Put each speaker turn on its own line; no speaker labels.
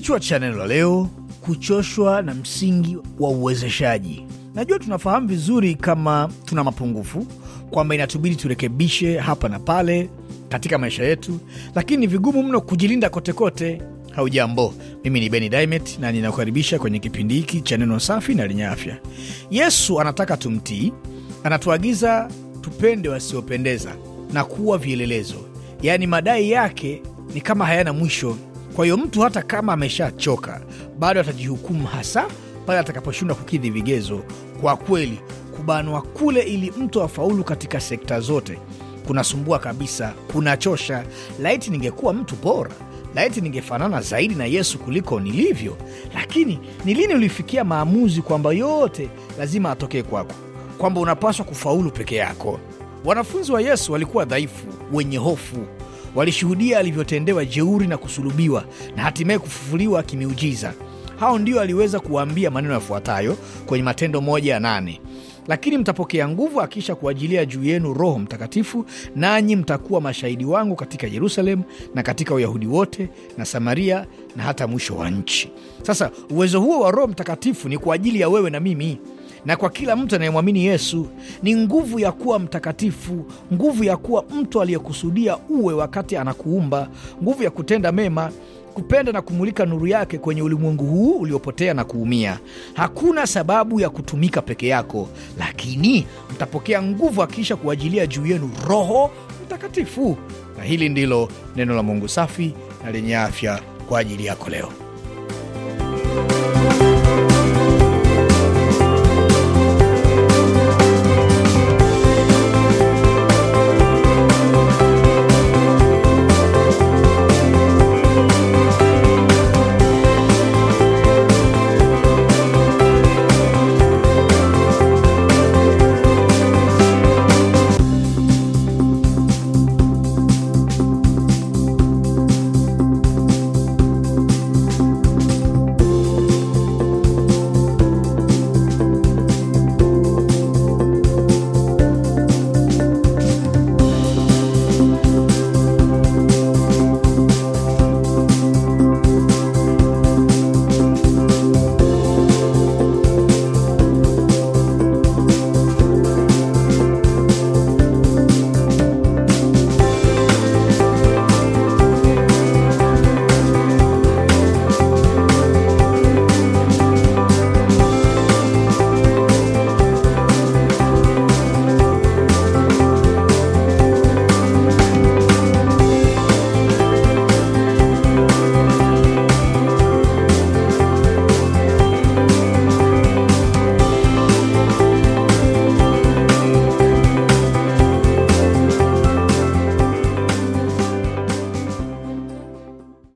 Kichwa cha neno la leo: kuchoshwa na msingi wa uwezeshaji. Najua tunafahamu vizuri kama tuna mapungufu, kwamba inatubidi turekebishe hapa na pale katika maisha yetu, lakini ni vigumu mno kujilinda kotekote. Haujambo, mimi ni Beni Dimet na ninakukaribisha kwenye kipindi hiki cha neno safi na lenye afya. Yesu anataka tumtii, anatuagiza tupende wasiopendeza na kuwa vielelezo, yaani madai yake ni kama hayana mwisho. Kwa hiyo mtu hata kama ameshachoka bado atajihukumu, hasa pale atakaposhindwa kukidhi vigezo. Kwa kweli, kubanwa kule ili mtu afaulu katika sekta zote kunasumbua kabisa, kunachosha. Laiti ningekuwa mtu bora, laiti ningefanana zaidi na Yesu kuliko nilivyo. Lakini ni lini ulifikia maamuzi kwamba yote lazima atokee kwako, kwamba unapaswa kufaulu peke yako? Wanafunzi wa Yesu walikuwa dhaifu, wenye hofu walishuhudia alivyotendewa jeuri na kusulubiwa na hatimaye kufufuliwa kimiujiza. Hao ndio aliweza kuwaambia maneno yafuatayo kwenye Matendo moja ya nane lakini mtapokea nguvu akiisha kuajilia juu yenu Roho Mtakatifu, nanyi mtakuwa mashahidi wangu katika Yerusalemu na katika Uyahudi wote na Samaria na hata mwisho wa nchi. Sasa uwezo huo wa Roho Mtakatifu ni kwa ajili ya wewe na mimi na kwa kila mtu anayemwamini Yesu ni nguvu ya kuwa mtakatifu, nguvu ya kuwa mtu aliyekusudia uwe wakati anakuumba, nguvu ya kutenda mema, kupenda na kumulika nuru yake kwenye ulimwengu huu uliopotea na kuumia. Hakuna sababu ya kutumika peke yako, lakini mtapokea nguvu akiisha kuajilia juu yenu Roho Mtakatifu. Na hili ndilo neno la Mungu safi na lenye afya kwa ajili yako leo.